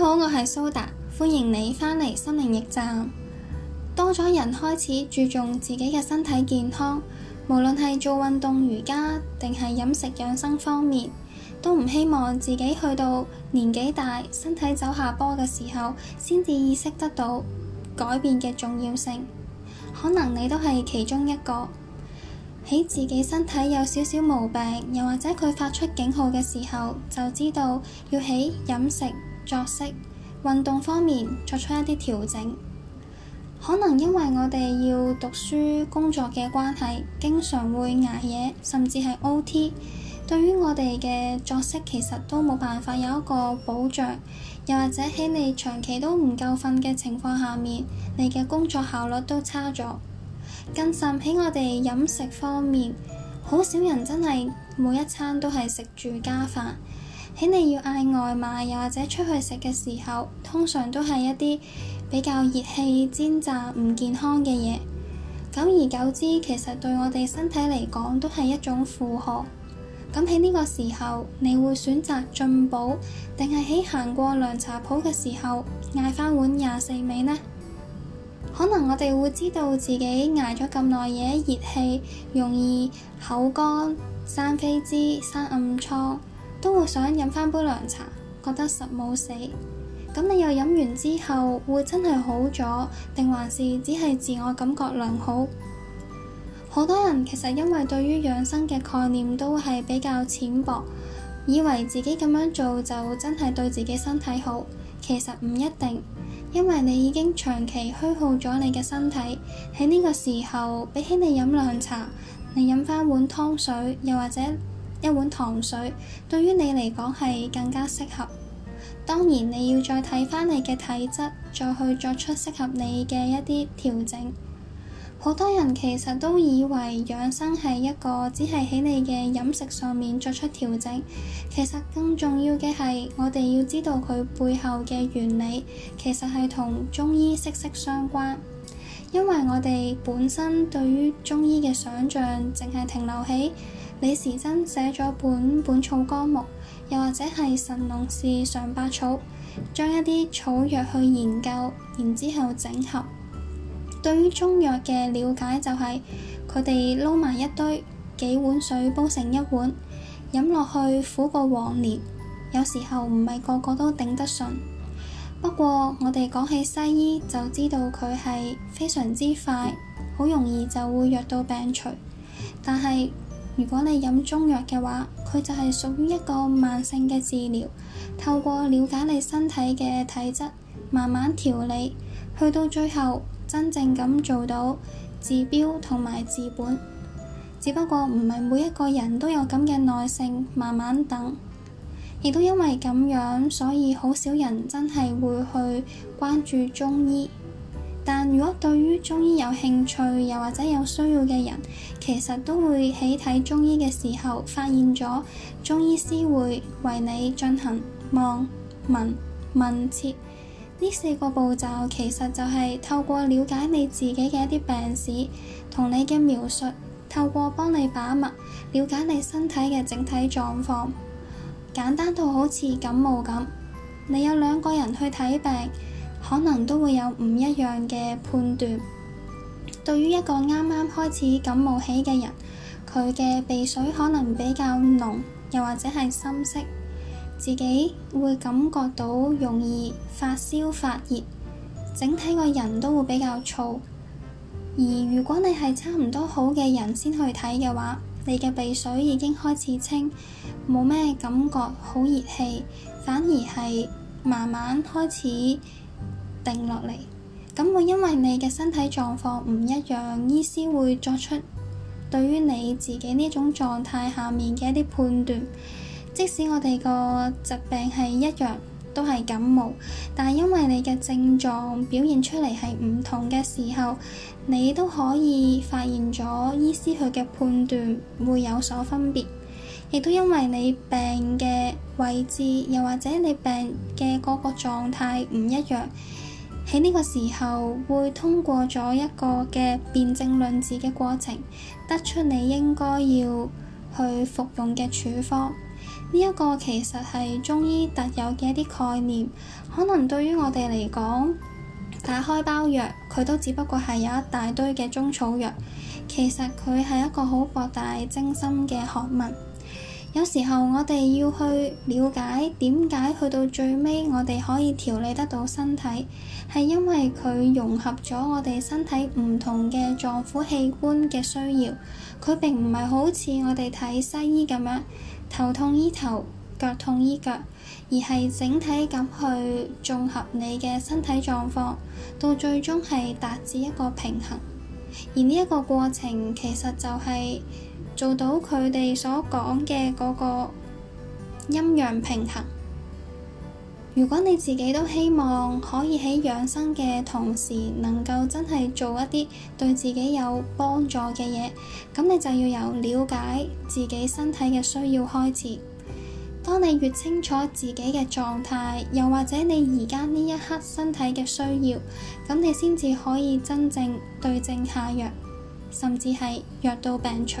大家好，我係蘇達，歡迎你返嚟心靈驛站。多咗人開始注重自己嘅身體健康，無論係做運動、瑜伽，定係飲食養生方面，都唔希望自己去到年紀大、身體走下坡嘅時候，先至意識得到改變嘅重要性。可能你都係其中一個，喺自己身體有少少毛病，又或者佢發出警號嘅時候，就知道要起飲食、作息、運動方面作出一啲調整，可能因為我哋要讀書、工作嘅關係，經常會捱夜，甚至係 O.T.，對於我哋嘅作息其實都冇辦法有一個保障，又或者喺你長期都唔夠瞓嘅情況下面，你嘅工作效率都差咗。更甚喺我哋飲食方面，好少人真係每一餐都係食住家飯。喺你要嗌外賣，又或者出去食嘅時候，通常都係一啲比較熱氣、煎炸唔健康嘅嘢。久而久之，其實對我哋身體嚟講都係一種負荷。咁喺呢個時候，你會選擇進補，定係喺行過涼茶鋪嘅時候嗌返碗廿四味呢？可能我哋會知道自己捱咗咁耐夜熱氣，容易口乾、生痱滋、生暗瘡。都會想飲翻杯涼茶，覺得實冇死。咁你又飲完之後，會真係好咗，定還是只係自我感覺良好？好多人其實因為對於養生嘅概念都係比較淺薄，以為自己咁樣做就真係對自己身體好，其實唔一定。因為你已經長期虛耗咗你嘅身體，喺呢個時候比起你飲涼茶，你飲翻碗湯水，又或者，一碗糖水對於你嚟講係更加適合。當然你要再睇返你嘅體質，再去作出適合你嘅一啲調整。好多人其實都以為養生係一個只係喺你嘅飲食上面作出調整，其實更重要嘅係我哋要知道佢背後嘅原理，其實係同中醫息息相關。因為我哋本身對於中醫嘅想像，淨係停留喺李時珍寫咗本《本草綱目》，又或者係《神農氏嘗百草》，將一啲草藥去研究，然之後整合。對於中藥嘅了解就係佢哋撈埋一堆，幾碗水煲成一碗，飲落去苦過黃連，有時候唔係個個都頂得順。不過我哋講起西醫，就知道佢係非常之快，好容易就會藥到病除。但係如果你飲中藥嘅話，佢就係屬於一個慢性嘅治療，透過了解你身體嘅體質，慢慢調理，去到最後，真正咁做到治標同埋治本。只不過唔係每一個人都有咁嘅耐性，慢慢等，亦都因為咁樣，所以好少人真係會去關注中醫。但如果對於中醫有興趣，又或者有需要嘅人，其實都會喺睇中醫嘅時候發現咗，中醫師會為你進行望、聞、問、切呢四個步驟。其實就係透過了解你自己嘅一啲病史同你嘅描述，透過幫你把脈，了解你身體嘅整體狀況。簡單到好似感冒咁，你有兩個人去睇病。可能都會有唔一樣嘅判斷。對於一個啱啱開始感冒起嘅人，佢嘅鼻水可能比較濃，又或者係深色，自己會感覺到容易發燒發熱，整體個人都會比較燥。而如果你係差唔多好嘅人先去睇嘅話，你嘅鼻水已經開始清，冇咩感覺，好熱氣，反而係慢慢開始。定落嚟，咁會因為你嘅身體狀況唔一樣，醫師會作出對於你自己呢種狀態下面嘅一啲判斷。即使我哋個疾病係一樣，都係感冒，但係因為你嘅症狀表現出嚟係唔同嘅時候，你都可以發現咗醫師佢嘅判斷會有所分別。亦都因為你病嘅位置，又或者你病嘅嗰個狀態唔一樣。喺呢個時候會通過咗一個嘅辨證論治嘅過程，得出你應該要去服用嘅處方。呢、這、一個其實係中醫特有嘅一啲概念，可能對於我哋嚟講，打開包藥佢都只不過係有一大堆嘅中草藥。其實佢係一個好博大精深嘅學問。有時候我哋要去了解點解去到最尾我哋可以調理得到身體，係因為佢融合咗我哋身體唔同嘅臟腑器官嘅需要。佢並唔係好似我哋睇西醫咁樣，頭痛醫頭，腳痛醫腳，而係整體咁去綜合你嘅身體狀況，到最終係達至一個平衡。而呢一個過程其實就係、是。做到佢哋所講嘅嗰個陰陽平衡。如果你自己都希望可以喺養生嘅同時，能夠真係做一啲對自己有幫助嘅嘢，咁你就要由了解自己身體嘅需要開始。當你越清楚自己嘅狀態，又或者你而家呢一刻身體嘅需要，咁你先至可以真正對症下藥，甚至係藥到病除。